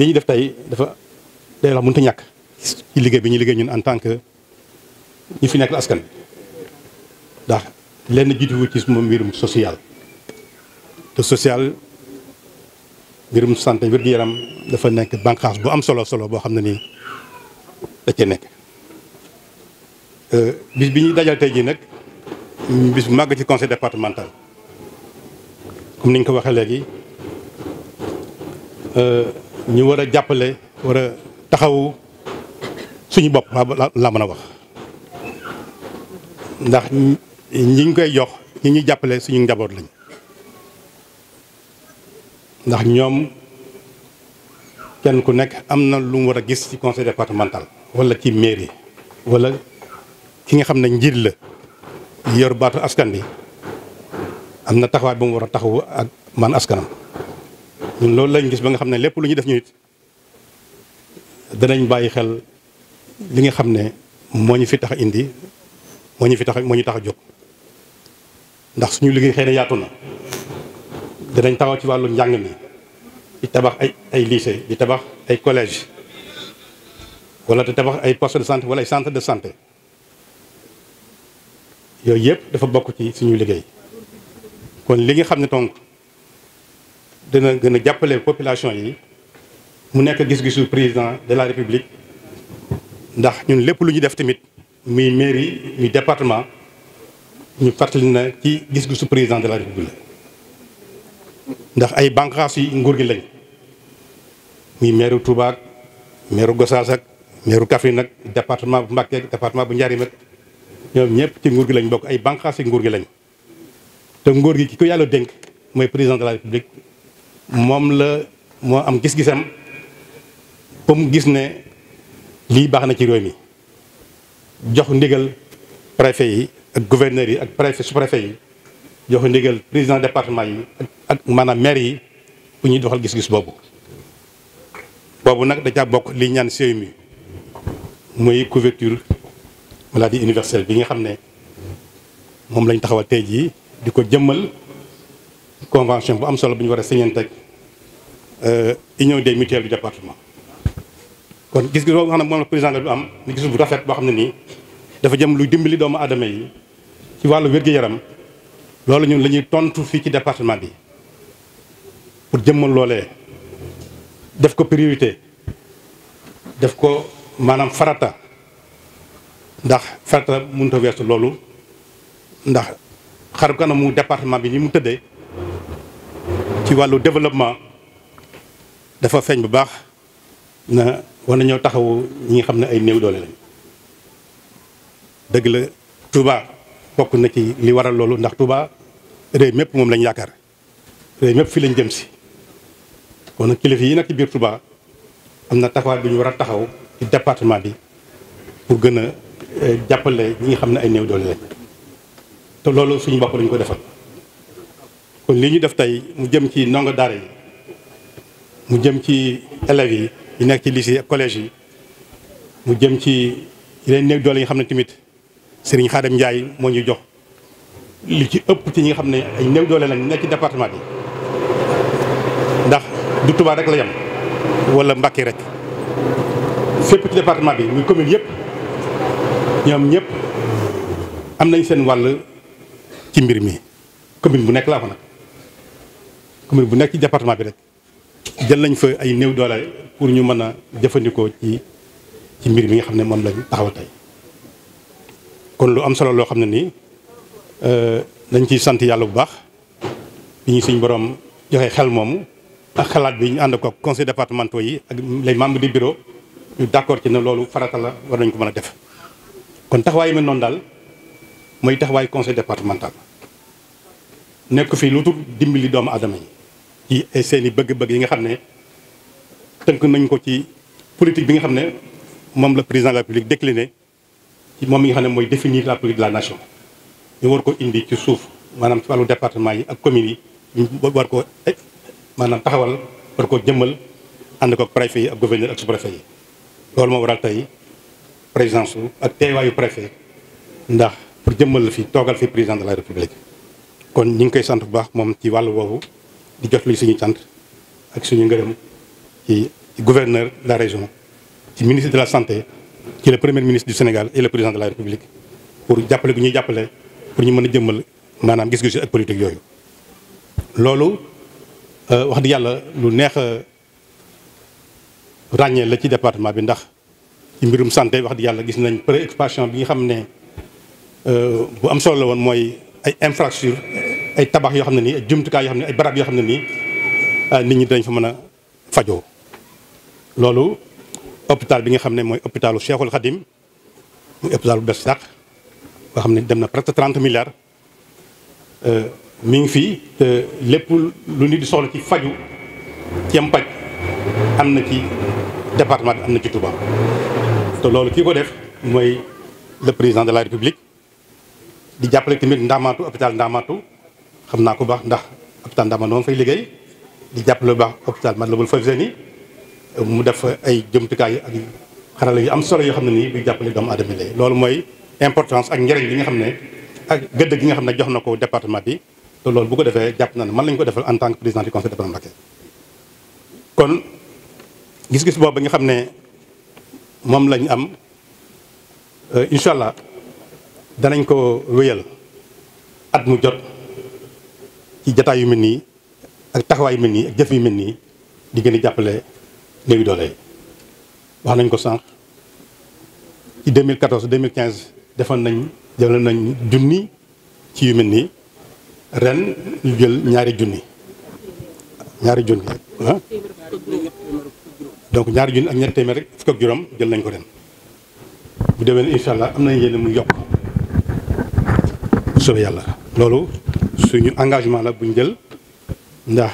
dañuy def tey dafa day wax mënta ñàkk ci liggéey bi ñu liggéey ñun en tant que ñu fi nekk askan ndax lenn jiituwu ci suma mbirum sociale te social mbirum santé wér-gu-yaram dafa nekk bànqaas bu am solo solo boo xam ne nii da cee nekk euh, bis bi ñuy dajal tey jii nag bis bu màgg ci conseil départemental comme niñ ko waxee léegi euh, ñu war a jàppale war a taxawu suñu bopp laa mën a wax ndax ñi ngi koy jox ñi ñuy jàppale suñu njaboot lañ ndax ñoom kenn ku nekk am na lu mu war a gis ci conseil départemental wala ci mairie walla ki nga xam ne njiit la yor baatu askan bi am na taxawaay bu mu war a taxawu ak man askanam ñun loolu lañ gis ba nga xam ne lépp lu ñuy def ñu it danañ bàyyi xel li nga xam ne moo ñu fi tax a indi moo ñu fi tax moo ñu tax a jóg ndax suñu liggéey xëy na yaatu na danañ taxaw ci wàllu njàng mi di tabax ay ay lycée di tabax ay collège wala di tabax ay poste de santé wala ay centre de santé yooyu yëpp dafa bokk ci suñu liggéey kon li nga xam ne donc dina gën a jàppale population yi mu nekk gis-gisu président de la république ndax ñun lépp lu ñu def tamit muy mairie muy département ñu fàttali na ci gis-gisu président de la république ndax ay bànqaas yi nguur gi lañ muy maire Touba ak maire Gossas ak maire nag département bu Mbacké département bu Ndiarème ak ñoom ñëpp ci nguur gi lañ bokk ay bànqaas yi nguur gi lañ te nguur gi ki ko yàlla dénk mooy président de la république moom la moo am gis-gisam ba gis ne lii baax na ci réew mi jox ndigal préfet yi ak gouverneur yi ak préfet sous préfet yi jox ndigal président département yi ak maanaam maire yi bu ñuy doxal gis-gis boobu boobu nag da bokk li ñaan séew mi muy couverture maladie universelle bi nga xam ne moom lañ taxawal tey jii di ko jëmmal convention bu am solo bu ñu war a signé teg Euh, union de mutuelles du département kon gis-gis boobu nga xam ne moom la président la du am ni gis bu rafet boo xam ne nii dafa jëm lu dimbali doomu aadama yi ci wàllu wér-gu-yaram loolu ñun la tontu fii ci département bi pour jëmmal loolee def ko priorité def ko maanaam farata ndax farata mënut a weesu loolu ndax xar mu département bi ni mu tëddee ci wàllu développement dafa feeñ bu baax na war nañoo taxawu ñi nga xam ne ay néew doole lañ dëgg la Touba bokk na ci li waral loolu ndax tubaa réew mépp moom lañ yaakaar réew mépp fii lañ jëm si kon nag kilifa yi nag ci biir Touba am na taxawaay bu ñu war a taxaw ci département bi pour gën a eh, jàppale ñi xam ne ay néew doole lañ te loolu suñu bokk lañu ko defal kon li ñu def tey mu jëm ci ndongo daara yi mu jëm ci élèves yi yi nekk ci lycée ak collège yi mu jëm ci yeneen néeg doole yi xam ne tamit Serigne Khadim Ndiaye moo ñu jox li ci ëpp ci ñi nga xam ne ay néew doole lañ nekk ci département bi ndax du Touba rek la yem wala Mbacké rek fépp ci département bi muy commune yëpp ñoom ñëpp am nañ seen wàll ci mbir mi commune bu nekk laa ko nag commune bu nekk ci département bi rek. jël nañ fa ay néew doole pour ñu mën a jëfandikoo ci ci mbir mi nga xam ne moom lañ taxaw tey kon lu am solo loo xam ne nii euh, dañ ciy sant yàlla bu baax bi ñu suñ borom joxe xel moomu ak xalaat bi ñu ànd ko conseil départemental yi ak les bi du bureau ñu d'accord ci ne loolu farata la war nañ ko mën a def kon taxawaay mel noonu daal mooy taxawaay conseil départemental nekk fii lu dul dimbali doomu aadama yi. ci seen i bëgg-bëgg yi nga xam ne tënk nañ ko ci politique bi nga xam ne moom la président de la République décliné ci moom mi nga xam ne mooy définir la politique de la nation ñu war ko indi ci suuf maanaam ci wàllu département yi ak communes yi war ko maanaam taxawal war ko jëmmal ànd ko préfet yi ak gouverneur ak sous-préfet yi loolu moo waral tey présidence ak teewaayu préfet ndax pour jëmmal fi toogal fi président de la république kon ñu ngi koy sant bu baax moom ci wàllu woowu di lu suñu cant ak suñu ngërëm ci gouverneur de la région ci ministre de la santé ci le premier ministre du Sénégal et le président de la République pour jàppale gu ñuy jàppale pour ñu mën a jëmmal maanaam gis-gis ak politique yooyu loolu euh, wax di yàlla lu neex ràññee la ci département bi ndax ci mbirum santé wax di yàlla gis nañ préoccupation bi nga xam ne euh, bu am solo woon mooy ay infrastructure ay tabax yoo xam ne nii ay jumtukaay yoo xam ne ay barab yoo xam ne nii ah, nit ñi dañ fa mën a fajoo loolu hôpital bi nga xam ne mooy hôpitalu Cheikhul Khadim muy hôpital bu bees sàq nga xam ne dem na presque trente milliards euh, mi ngi fii te lépp lu nit di soxla ci faju ci am paj am na ci département bi am na ci Touba te loolu kii ko def mooy le président de la république di jàppale tamit ndaamaatu hôpital ndaamaatu xam naa ko baax ndax hôpital ma noonu fay liggéey di jàppale baax hôpital Matlaboul Fawzeyni mu def ay jëmtukaay ak xarala yu am solo yoo xam ne nii di jàppale doomu aadama lay loolu mooy importance ak njëriñ li nga xam ne ak gëdd gi nga xam ne jox na ko département bi te loolu bu ko defee jàpp na ne man lañ ko defal en tant que président du conseil départemental Mbacké kon gis-gis boobu nga xam ne moom lañu am euh, incha allah danañ ko wéyal at mu jot ci jataay yu mel nii ak taxawaay yu mel nii ak jëf yu mel nii di gën a jàppale néewi doole yi wax nañ ko sànq ci 2014 2015 defoon nañ jël nañ junni ci yu mel nii ren ñu jël ñaari junni ñaari junni ah. donc ñaari junni ak ñetti téeméer rek fukk ak juróom jël nañ ko ren bu déwén incha allah am nañ yéen mu yokk soobee yàlla loolu suñu engagement la bu ñu jël ndax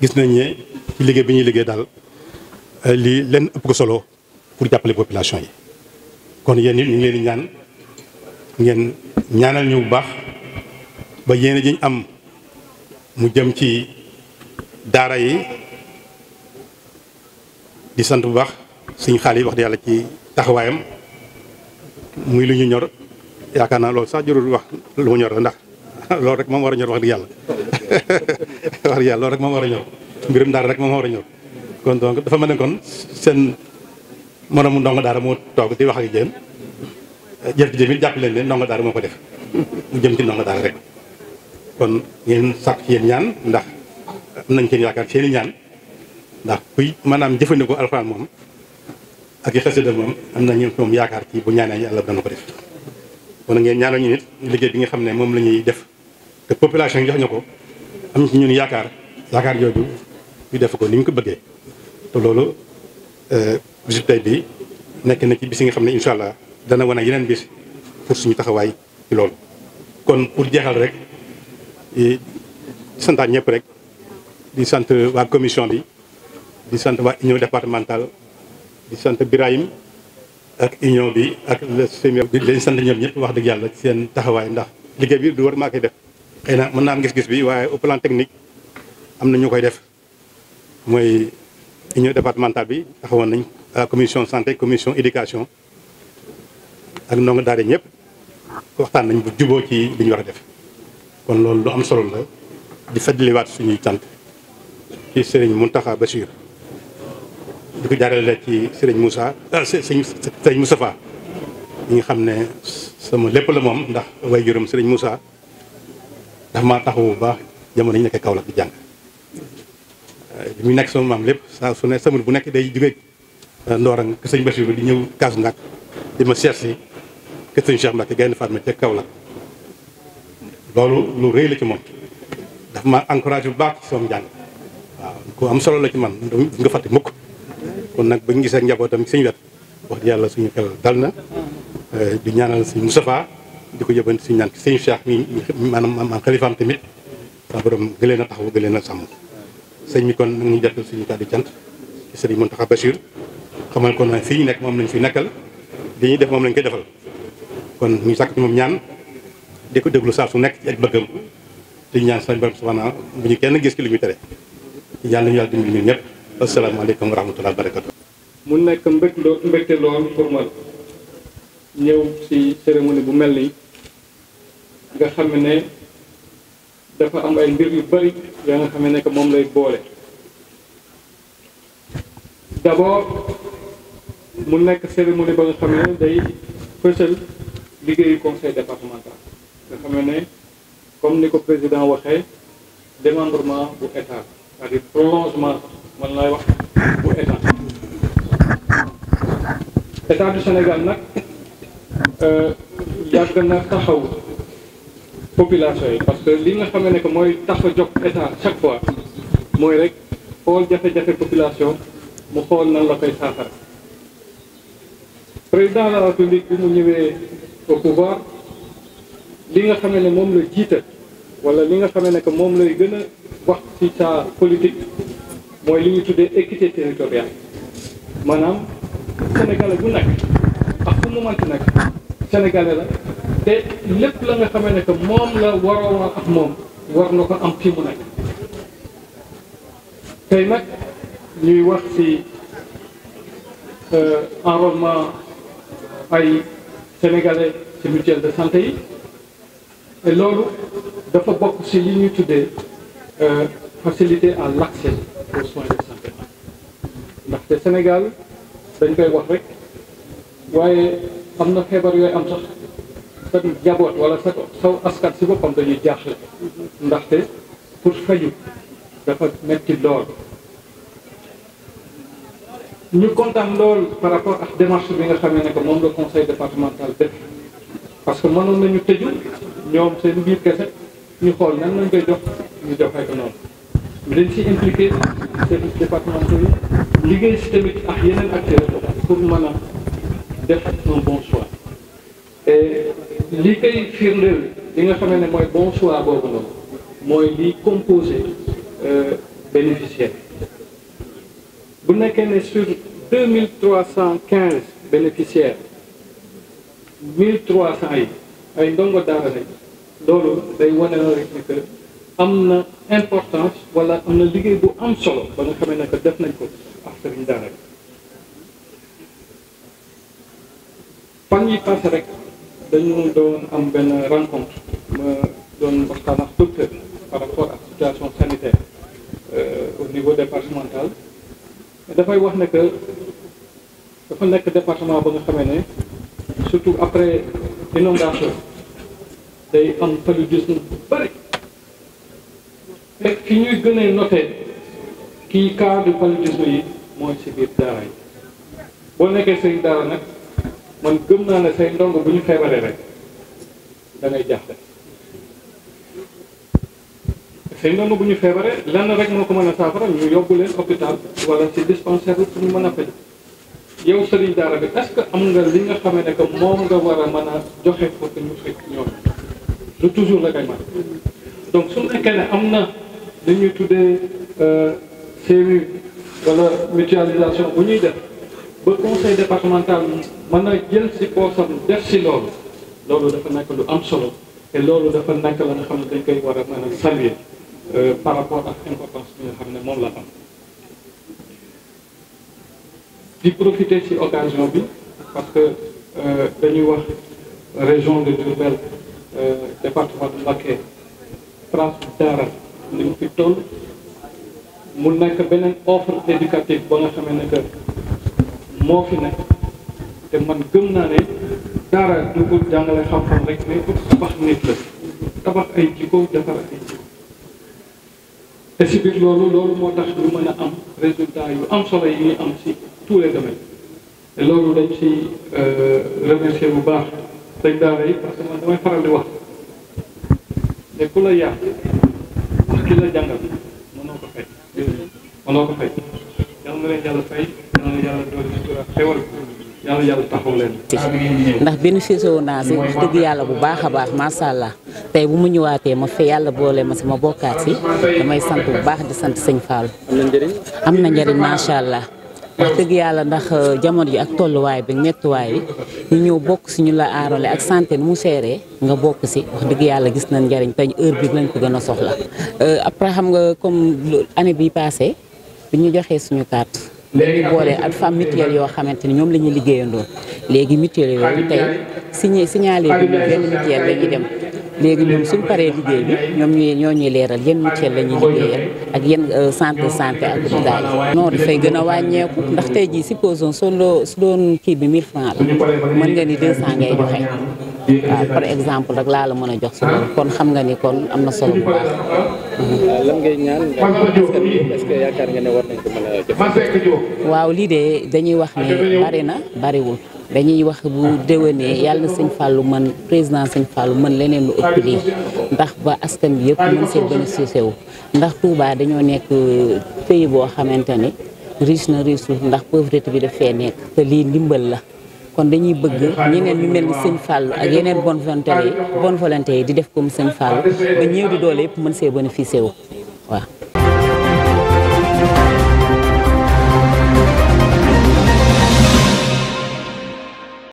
gis nañ ne ci liggéey bi ñuy liggéey daal euh, lii lenn ëpp ko solo pour jàppale population yi kon yéen it ñu ngi leen di ñaan ngeen ñaanal ñu bu baax ba yéene ji am mu jëm ci daara yi di sant bu baax suñu xaal yi wax di yàlla ci taxawaayam muy lu ñu ñor yaakaar naa loolu sax jurul wax lu mu ñor la ndax loolu rek moom war a ñor wax dëgg rek moom war a ñor mbirum daara rek moom war a ñor kon donc dafa ma ne kon seen moromu ndongo daara moo toog di wax ak yéen jëf ji jëm it jàpp leen ne ndongo daara moo ko def mu jëm ci ndongo daara rek kon ngeen sàkk ci yéen ñaan ndax am nañ seen yaakaar seen i jëfandikoo alxuraan moom ak yi xasida moom am nañu moom yaakaar ci bu ñaanee yàlla dana ko def kon ngeen ñaanal ñu nit liggéey bi nga xam ne moom la def population yi jox na ko am ci ñun yaakaar yaakaar jooju ñu def ko ni ñu ko bëggee te loolu visite euh, tey bi nekk na ci bis yi nga xam ne incha allah dana wane yeneen bis pour suñu taxawaay ci loolu. kon pour jeexal rek di santaat ñëpp rek di sant waa commission bi di sant waa union départementale di sant Birahim ak union bi ak le sémi. di leen sant ñoom ñëpp wax dëgg yàlla seen taxawaay ndax liggéey bi du war maa koy def. xëy na mën naa am gis-gis bi waaye au plan technique am na ñu koy def mooy union départementale bi taxawoon nañ commission santé commission éducation ak ndongo daara ñëpp waxtaan nañ bu juboo ci li ñu war a def kon loolu lu am solo la di fàttaliwaat suñuy cant ci Serigne Mountakha Bachir di ko jaarale ci Serigne Moussa sëñ ah, sëñ Moustapha ñi xam ne sama lépp la moom ndax way juróom Serigne Moussa dafa maa taxawu bu baax jamono yi ñu nekk Kaolack di jàng li muy nekk sama maam lépp saa su ne semaine bu nekk day jóge Ndorong ak sëñ Bachir di ñëw Kaasu Ngak di ma seet si kër sëñ Cheikh Mbacke Gaynde Fatma ca la ci moom dafa ma encouragé bu baax ci sama njàng waaw ku am solo la ci man nga fàtte mukk kon nag ba ñu gisee njabootam suñu wet wax di yàlla suñu xel dal na di ñaanal suñu Moustapha di ko yóbban suñu naan sëñ Cheikh mi maanaam maanaam xalifaam tamit sa borom gëleen a taxaw gëleen a sàmm sëñ mi kon nag ñu jottal suñu kàddu cant ci sëriñ Mountakha Bachir xamal kon fii ñu nekk moom lañ fi nekkal li ñuy def moom lañ koy defal kon ñu sàkk ci moom ñaan di ko déglu saa su nekk ci ak bëggam di ñaan sañ borom subhanahu bu ñu kenn gis ki lu ñu tere yàlla ñu yàlla dimbali ñun ñëpp asalaamaaleykum wa rahmatulah barakatu mu nekk mbég mbégte lool ñëw ci cérémonie bu mel nii nga xam ne dafa am ay mbir yu bari yaa nga xam ne que moom lay boole d'abord mu nekk cérémonie ba nga xam ne day fësal liggéeyu conseil départemental nga xam ne comme ni ko président waxee démembrement bu état c'est-à-dire man lay wax bu état état du Sénégal nag yàgg na taxaw population yi parce que li nga xam ne ko mooy tax a jóg état chaque fois mooy rek xool jafe-jafe population mu xool nan la koy saafara président de la république bi mu ñëwee au pouvoir li nga xam ne moom la jiital wala li nga xam ne que moom lay gën a wax ci sa politique mooy li ñu tuddee équité territoriale maanaam Sénégalais bu nekk. lu manti nekk sénégalais la te lépp la nga xamee ne moom la waroon ak moom war na ko am fii mu nekk tey nag ñuy wax ci euh, enrôlement ay sénégalais ci mutuelle de santé yi loolu dafa bokk ci li ñuy tuddee euh, facilité à l'accès aux soins de santé ndaxte Sénégal dañ koy wax rek waaye am na feebar yooyu am sax sa jaboot wala sa saw askan si boppam dañuy jaaxle ndaxte pour fayu dafa metti lool ñu kontaan lool par rapport ak démarche bi nga xamee ne que moom la conseil départemental def parce que mënoon nañu tëju ñoom seen biir kese ñu xool nañ lañ koy jox ñu joxee ko noonu liñ si impliqué service départemental yi liggéey si tamit ak yeneen acteurs pour mën a def un bon choix et li koy firndeel li nga xamee ne mooy bon choix boobu noonu mooy li composé euh, bénéficiaire bu nekkee ne sur deux mille cent quinze bénéficiaires mille trois yi ay ndongo daara lañ loolu day wane na rek am na importance wala am na liggéey bu am solo ba nga xamee ne que def nañ ko ak sëriñ daara fan yi passé rek dañu doon am benn rencontre ma doon waxtaan ak docteur par rapport ak situation sanitaire euh, au niveau départemental dafay wax ne que dafa nekk département ba nga xamee ne surtout après inondation day am paludisme bu bëri fekk fi ñuy gën note noté kii cas de paludisme yi mooy si biir daara yi boo nekkee seen daara nag man gëm naa ne say ndongo bu ñu feebaree rek da ngay jaaxle say ndongo bu ñu feebaree lenn rek moo ko mën a saafara ñu yóbbu leen hôpital wala ci dispensaire bi pour ñu mën a faj yow sëriñ daara bi est-ce que am nga li nga xamee ne que moom nga war a mën a joxe pour que ñu fekk ñoom lu toujours la kay man donc su nekkee ne am na li ñuy tuddee CMU euh, wala mutualisation bu ñuy def ba conseil départemental man na jël si poosam def si loolu loolu dafa nekk lu am solo te loolu dafa nekk la nga xam ne dañ koy war a mën a saluer euh, par rapport ak importance bi nga xam ne moom la am di profiter ci occasion bi parce que euh, dañuy wax région de Diourbel euh, département de Mbacké France dara ni mu fi toll mu nekk beneen offre éducative ba nga xamee ne moo fi nekk te man gëm naa ne daara du ko jàngale xam-xam rek mais pour tabax nit la tabax ay jikko defar ay jikko te loolu loolu moo tax ñu mën a am résultat yu am solo yi ñuy am si tous les domaines te loolu dañ ci euh, remercier bu baax sëñ daara yi parce que man damay faral di wax te ku la yàq ak ki la jàngal mënoo ko fay mënoo ko fay yàlla na leen yàlla fay yàlla na leen xewal yàlla ndax bénéficié woon naa si wax dëgg yàlla bu baax a baax macha allah tey bu mu ñëwaatee ma fi yàlla boole ma si ma bokkaat si damay sant bu baax di sant sañ Fall. am na njariñ am macha allah. wax dëgg yàlla ndax euh, jamono ji ak tolluwaay bi mettuwaay bi ñu ñëw bokk si ñu la aarale ak santé nu mu seeree nga bokk si wax dëgg yàlla gis nañ njariñ te heure bi lañ ko gën a soxla. Euh, après xam nga comme année bi passé bi ñu joxee suñu carte. ñu boole ak femme mutuelle yoo xamante ni ñoom lañuy ñuy liggéeyandoo léegi mutuelle yooyu tey signé signalé bi ñu la ñuy dem léegi suñ paree ñoom ñuy ñoo ñuy leeral yan mutuelle la liggéeyal ak yan euh, centre de santé ak hôpital yi. non dafay gën a wàññeeku ndax tey jii supposons soo loo su doon kii bi 1000 francs la mën nga ni 200 ngay joxe. waaw par exemple rek laa la mën a jox sa loolu kon xam nga ni kon am na solo bu a jëfandikoo. waaw lii de dañuy wax ne bari na bariwul dañuy wax bu déwénee yàlla na sëñ mën président sëñ Fallou mën leneen lu ëpp lii ndax ba askan bi yëpp mën see bénéficié wu ndax tuubaa dañoo nekk euh, pays boo xamante ni riche na riche ndax pauvreté bi daf nekk te lii ndimbal la. kon dañuy bëgg ñeneen ñu mel ni sëñ Fallou ak yeneen bonne volonté yi bonne volonté yi di def comme seen Fallou ba ñëw di doole yëpp mën see bénéficié wu waaw